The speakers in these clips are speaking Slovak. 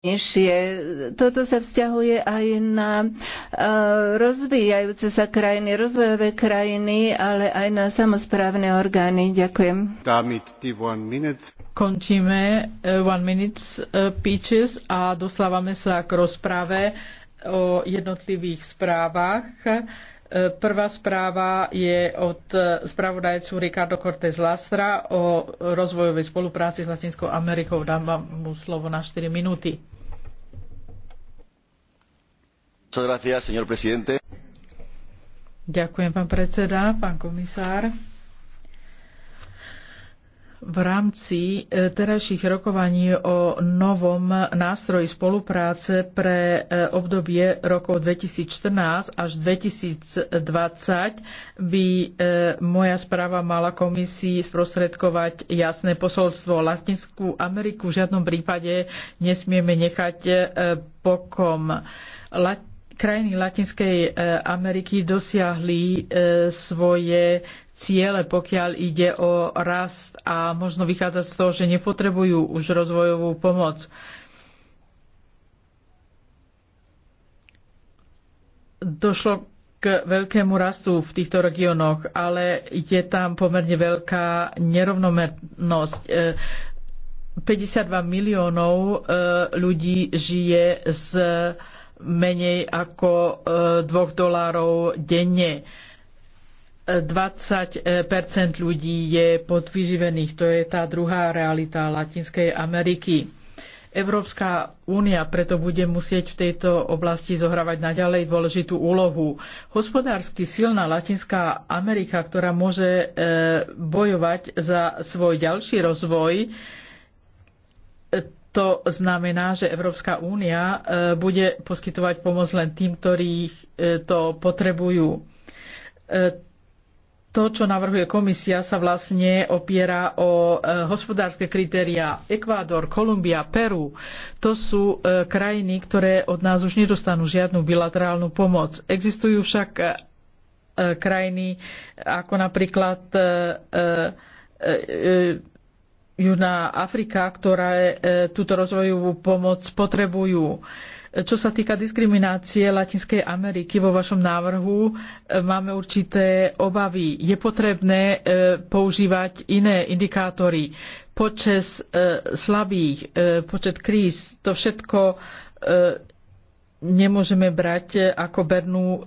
Nižšie. Toto sa vzťahuje aj na e, rozvíjajúce sa krajiny, rozvojové krajiny, ale aj na samozprávne orgány. Ďakujem. Končíme uh, One Minutes e, Peaches a doslávame sa k rozprave o jednotlivých správach. Uh, Prvá správa je od spravodajcu Ricardo Cortez Lastra o rozvojovej spolupráci s Latinskou Amerikou. Dám vám mu slovo na 4 minúty. Ďakujem, pán predseda, pán komisár v rámci e, terajších rokovaní o novom nástroji spolupráce pre e, obdobie rokov 2014 až 2020 by e, moja správa mala komisii sprostredkovať jasné posolstvo. Latinskú Ameriku v žiadnom prípade nesmieme nechať bokom. Krajiny Latinskej Ameriky dosiahli svoje ciele, pokiaľ ide o rast a možno vychádzať z toho, že nepotrebujú už rozvojovú pomoc. Došlo k veľkému rastu v týchto regiónoch, ale je tam pomerne veľká nerovnomernosť. 52 e, miliónov e, ľudí žije z menej ako 2 e, dolárov denne 20 ľudí je podvyživených. To je tá druhá realita Latinskej Ameriky. Európska únia preto bude musieť v tejto oblasti zohrávať naďalej dôležitú úlohu. Hospodársky silná Latinská Amerika, ktorá môže e, bojovať za svoj ďalší rozvoj, e, to znamená, že Európska únia e, bude poskytovať pomoc len tým, ktorí to potrebujú to, čo navrhuje komisia, sa vlastne opiera o e, hospodárske kritériá. Ekvádor, Kolumbia, Peru, to sú e, krajiny, ktoré od nás už nedostanú žiadnu bilaterálnu pomoc. Existujú však e, krajiny ako napríklad Južná Afrika, ktoré e, túto rozvojovú pomoc potrebujú. Čo sa týka diskriminácie Latinskej Ameriky vo vašom návrhu, e, máme určité obavy. Je potrebné e, používať iné indikátory. Počas slabých, počet kríz, to všetko nemôžeme brať ako bernú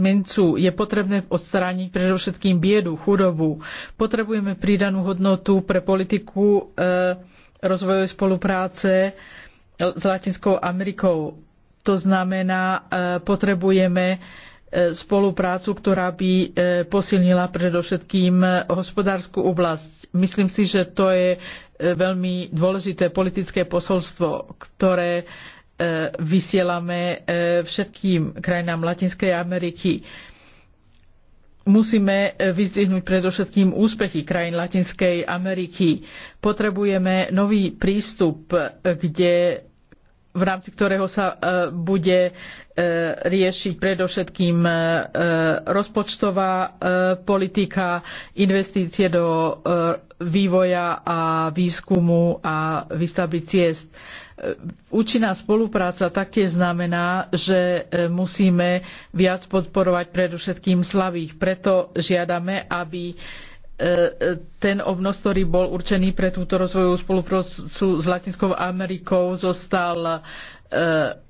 mincu Je potrebné odstrániť predovšetkým biedu, chudobu. Potrebujeme pridanú hodnotu pre politiku eh, rozvojovej spolupráce s Latinskou Amerikou. To znamená, eh, potrebujeme eh, spoluprácu, ktorá by posilnila predovšetkým hospodárskú oblasť. Myslím si, že to je veľmi dôležité politické posolstvo, ktoré E, vysielame e, všetkým krajinám Latinskej Ameriky. Musíme e, vyzdvihnúť predovšetkým úspechy krajín Latinskej Ameriky. Potrebujeme nový prístup, kde v rámci ktorého sa bude riešiť predovšetkým rozpočtová politika, investície do vývoja a výskumu a výstavby ciest. Účinná spolupráca taktiež znamená, že e, musíme viac podporovať predovšetkým slabých. Preto žiadame, aby e, ten obnos, ktorý bol určený pre túto rozvojovú spoluprácu s Latinskou Amerikou, zostal e,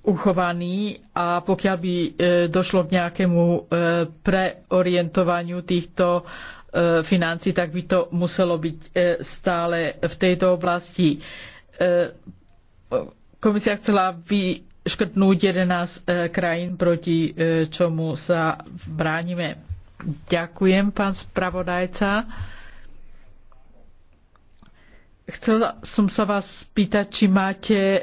uchovaný a pokiaľ by došlo k nejakému preorientovaniu týchto financí, tak by to muselo byť stále v tejto oblasti komisia chcela vyškrtnúť 11 eh, krajín, proti eh, čomu sa bránime. Ďakujem, pán spravodajca. Chcela som sa vás spýtať, či máte eh,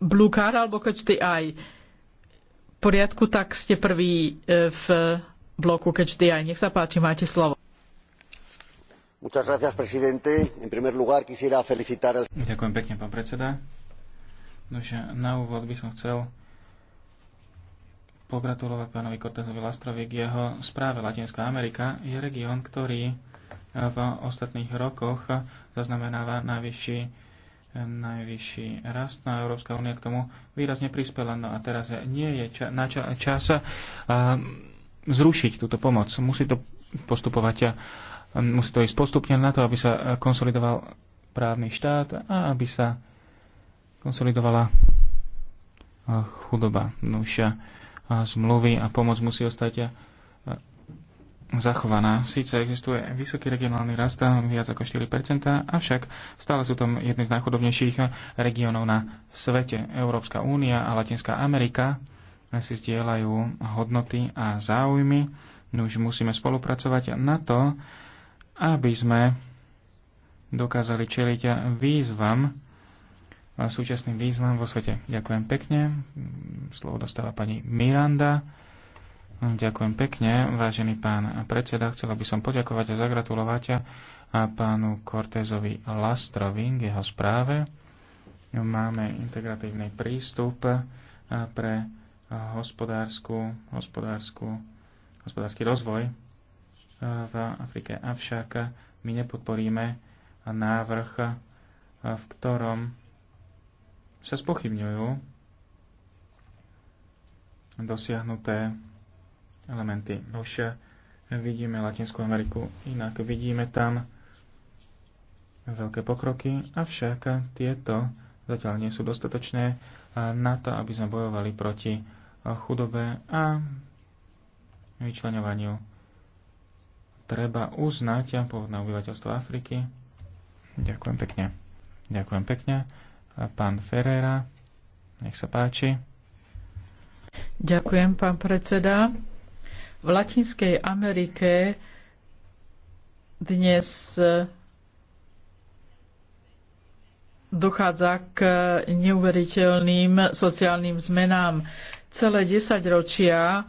blue card alebo catch the V poriadku, tak ste prvý v bloku catch the Nech sa páči, máte slovo. Ďakujem pekne, pán predseda. Nože, na úvod by som chcel pogratulovať pánovi Cortezovi Lastrovi k jeho správe. Latinská Amerika je región, ktorý eh, v ostatných rokoch zaznamenáva najvyšší, eh, najvyšší rast. No a Európska únia k tomu výrazne prispela. No a teraz nie je ča- na ča- čas eh, zrušiť túto pomoc. Musí to postupovať a musí to ísť postupne na to, aby sa konsolidoval právny štát a aby sa konsolidovala chudoba. a zmluvy a pomoc musí ostať zachovaná. Sice existuje vysoký regionálny rast, viac ako 4%, avšak stále sú tam jedny z najchudobnejších regiónov na svete. Európska únia a Latinská Amerika si zdieľajú hodnoty a záujmy. No už musíme spolupracovať na to, aby sme dokázali čeliť výzvam, súčasným výzvam vo svete. Ďakujem pekne. Slovo dostáva pani Miranda. Ďakujem pekne, vážený pán predseda. Chcela by som poďakovať a zagratulovať a pánu Cortézovi Lastrovi k jeho správe. Máme integratívny prístup pre hospodársku, hospodársku, hospodársky rozvoj v Afrike. Avšak my nepodporíme návrh, v ktorom sa spochybňujú dosiahnuté elementy. Už vidíme Latinskú Ameriku inak. Vidíme tam veľké pokroky, avšak tieto zatiaľ nie sú dostatočné na to, aby sme bojovali proti chudobe a vyčlenovaniu. Treba uznať pôvodné obyvateľstvo Afriky. Ďakujem pekne. Ďakujem pekne pán Ferreira. Nech sa páči. Ďakujem, pán predseda. V Latinskej Amerike dnes e, dochádza k neuveriteľným sociálnym zmenám. Celé desaťročia ročia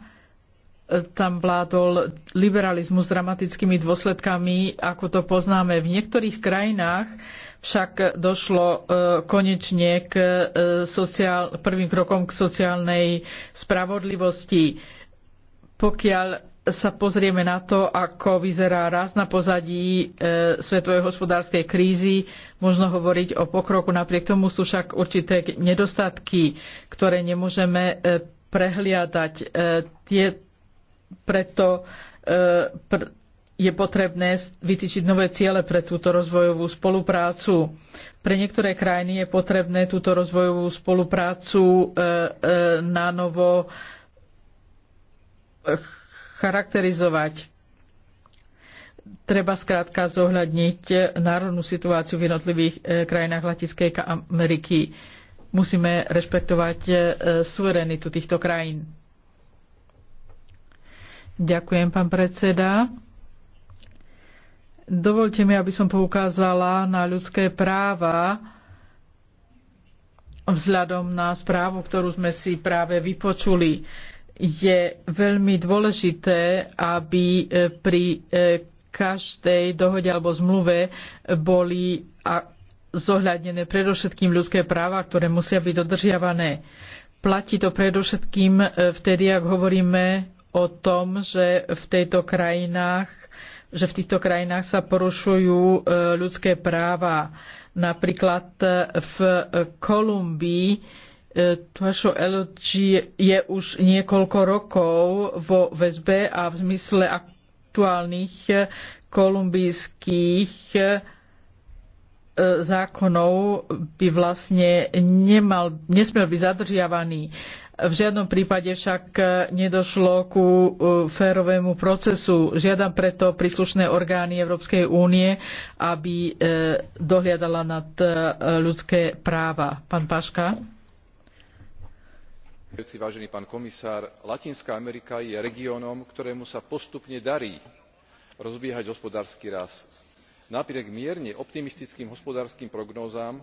tam vládol liberalizmus s dramatickými dôsledkami, ako to poznáme. V niektorých krajinách však došlo e, konečne k e, sociál, prvým krokom k sociálnej spravodlivosti. Pokiaľ sa pozrieme na to, ako vyzerá raz na pozadí e, svetovej hospodárskej krízy, možno hovoriť o pokroku. Napriek tomu sú však určité nedostatky, ktoré nemôžeme prehliadať. tie preto e, je potrebné vytýčiť nové ciele pre túto rozvojovú spoluprácu. Pre niektoré krajiny je potrebné túto rozvojovú spoluprácu e, e, na novo charakterizovať. Treba skrátka zohľadniť národnú situáciu v jednotlivých krajinách Latinskej Ameriky. Musíme rešpektovať suverenitu týchto krajín. Ďakujem, pán predseda. Dovolte mi, aby som poukázala na ľudské práva vzhľadom na správu, ktorú sme si práve vypočuli. Je veľmi dôležité, aby e, pri e, každej dohode alebo zmluve boli zohľadnené predovšetkým ľudské práva, ktoré musia byť dodržiavané. Platí to predovšetkým e, vtedy, ak hovoríme o tom, že v tejto krajinách že v týchto krajinách sa porušujú e, ľudské práva. Napríklad e, v Kolumbii e, Tuašo Elodži je už niekoľko rokov vo väzbe a v zmysle aktuálnych kolumbijských zákonov by vlastne nemal, nesmel byť zadržiavaný. V žiadnom prípade však e, nedošlo ku e, férovému procesu. Žiadam preto príslušné orgány Európskej únie, aby e, dohliadala nad ľudské práva. Pán Paška. Vážený pán komisár, Latinská Amerika je regiónom, ktorému sa postupne darí rozbiehať hospodársky rast. Napriek mierne optimistickým hospodárskym prognózam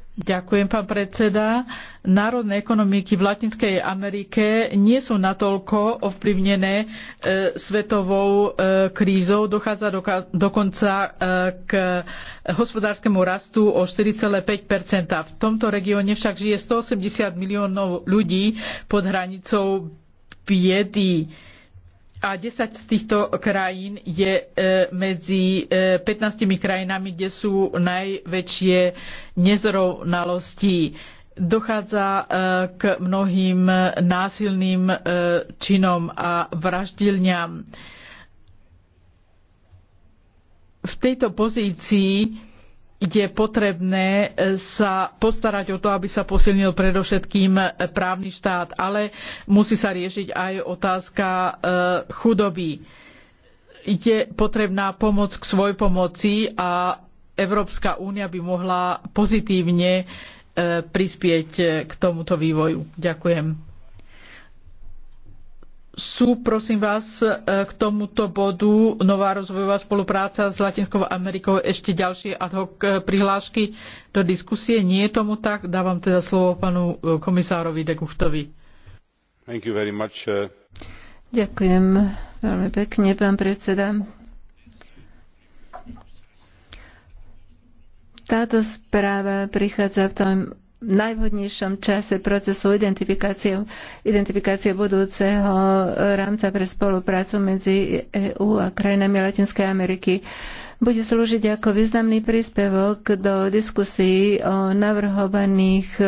Ďakujem, pán predseda. Národné ekonomiky v Latinskej Amerike nie sú natoľko ovplyvnené e, svetovou e, krízou. Dochádza dokonca e, k hospodárskemu rastu o 4,5 V tomto regióne však žije 180 miliónov ľudí pod hranicou biedy a 10 z týchto krajín je e, medzi 15 e, krajinami, kde sú najväčšie nezrovnalosti. Dochádza e, k mnohým násilným činom a vraždilňam. V tejto pozícii je potrebné e, sa postarať o to, aby sa posilnil predovšetkým e, právny štát, ale musí sa riešiť aj otázka e, chudoby. Je potrebná pomoc k svojpomoci a Európska únia by mohla pozitívne prispieť k tomuto vývoju. Ďakujem sú, prosím vás, e, k tomuto bodu nová rozvojová spolupráca s Latinskou Amerikou ešte ďalšie ad hoc e, prihlášky do diskusie? Nie je tomu tak? Dávam teda slovo panu e, komisárovi de Guchtovi. Uh, Ďakujem veľmi pekne, pán predseda. Táto správa prichádza v tom najvhodnejšom čase procesu identifikácie, identifikácie budúceho rámca pre spoluprácu medzi EÚ a krajinami Latinskej Ameriky bude slúžiť ako významný príspevok do diskusí o navrhovaných e,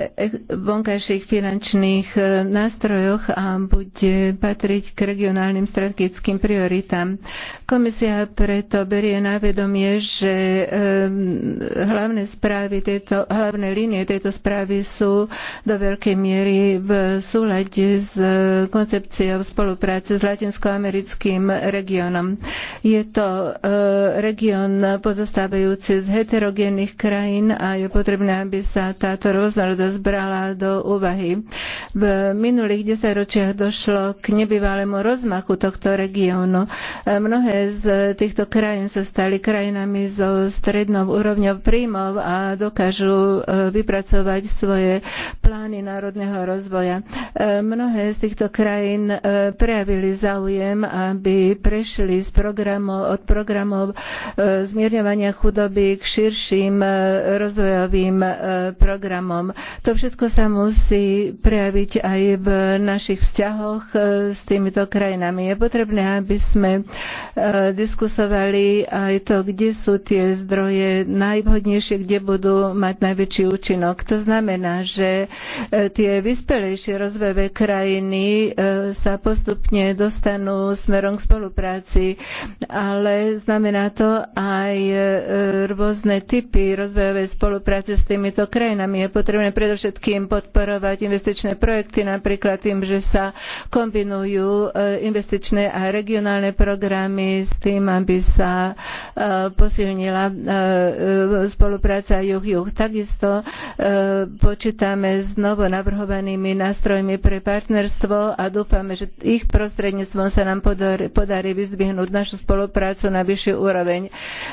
e, vonkajších finančných e, nástrojoch a bude patriť k regionálnym strategickým prioritám. Komisia preto berie na vedomie, že hlavné správy tejto, hlavné línie tejto správy sú do veľkej miery v súlade s koncepciou spolupráce s latinskoamerickým regiónom. Je to región pozostávajúci z heterogénnych krajín a je potrebné, aby sa táto rôznorodosť brala do úvahy. V minulých desaťročiach došlo k nebývalému rozmachu tohto regiónu. Mnohé z týchto krajín sa stali krajinami so strednou úrovňou príjmov a dokážu e, vypracovať svoje plány národného rozvoja. E, mnohé z týchto krajín e, prejavili záujem, aby prešli z programov, od programov E, zmierňovania chudoby k širším e, rozvojovým e, programom. To všetko sa musí prejaviť aj v našich vzťahoch s týmito krajinami. Je potrebné, aby sme diskusovali aj to, kde sú tie zdroje najvhodnejšie, kde budú mať najväčší účinok. To znamená, že tie vyspelejšie rozvojové krajiny sa postupne dostanú smerom k spolupráci, ale znamená na to aj e, rôzne typy rozvojovej spolupráce s týmito krajinami. Je potrebné predovšetkým podporovať investičné projekty, napríklad tým, že sa kombinujú e, investičné a regionálne programy s tým, aby sa e, posilnila spolupráca juh-juh. Takisto počítame s novo navrhovanými nástrojmi pre partnerstvo a dúfame, že ich prostredníctvom sa nám podarí vyzdvihnúť našu spoluprácu na vyššiu úroveň.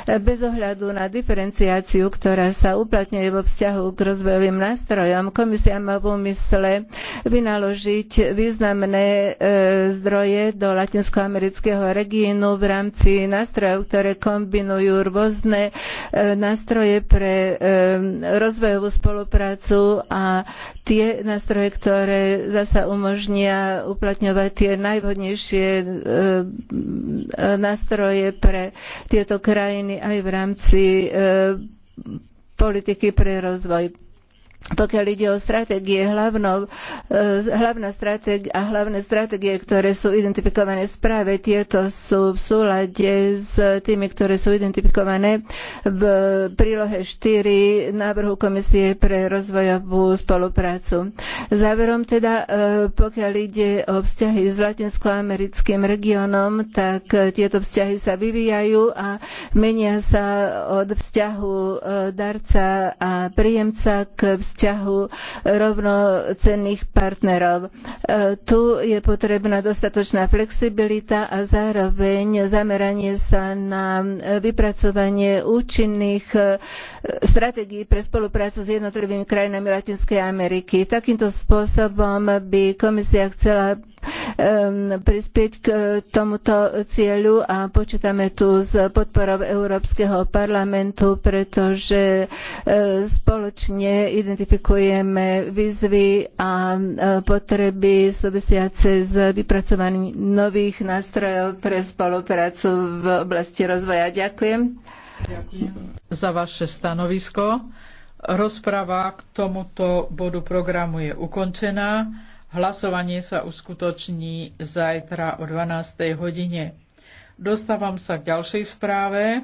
Bez ohľadu na diferenciáciu, ktorá sa uplatňuje vo vzťahu k rozvojovým nástrojom, komisia má v úmysle vynaložiť významné e, zdroje do latinskoamerického regiónu v rámci nástrojov, ktoré kombinujú rôzne e, nástroje pre e, rozvojovú spoluprácu a tie nástroje, ktoré zasa umožnia uplatňovať tie najvhodnejšie nástroje pre tieto krajiny aj v rámci eh, politiky pre rozvoj pokiaľ ide o stratégie, hlavnou, e, hlavná stratégia a hlavné stratégie, ktoré sú identifikované v správe, tieto sú v súlade s tými, ktoré sú identifikované v prílohe 4 návrhu Komisie pre rozvojovú spoluprácu. Záverom teda, e, pokiaľ ide o vzťahy s latinskoamerickým regiónom, tak e, tieto vzťahy sa vyvíjajú a menia sa od vzťahu darca a príjemca k vzťahu vzťahu rovnocenných partnerov. E, tu je potrebná dostatočná flexibilita a zároveň zameranie sa na vypracovanie účinných e, stratégií pre spoluprácu s jednotlivými krajinami Latinskej Ameriky. Takýmto spôsobom by komisia chcela Um, prispieť k tomuto cieľu a počítame tu s podporou Európskeho parlamentu, pretože uh, spoločne identifikujeme výzvy a uh, potreby súvisiace s vypracovaním nových nástrojov pre spoluprácu v oblasti rozvoja. Ďakujem. Ďakujem za vaše stanovisko. Rozprava k tomuto bodu programu je ukončená. Hlasovanie sa uskutoční zajtra o 12. hodine. Dostávam sa k ďalšej správe.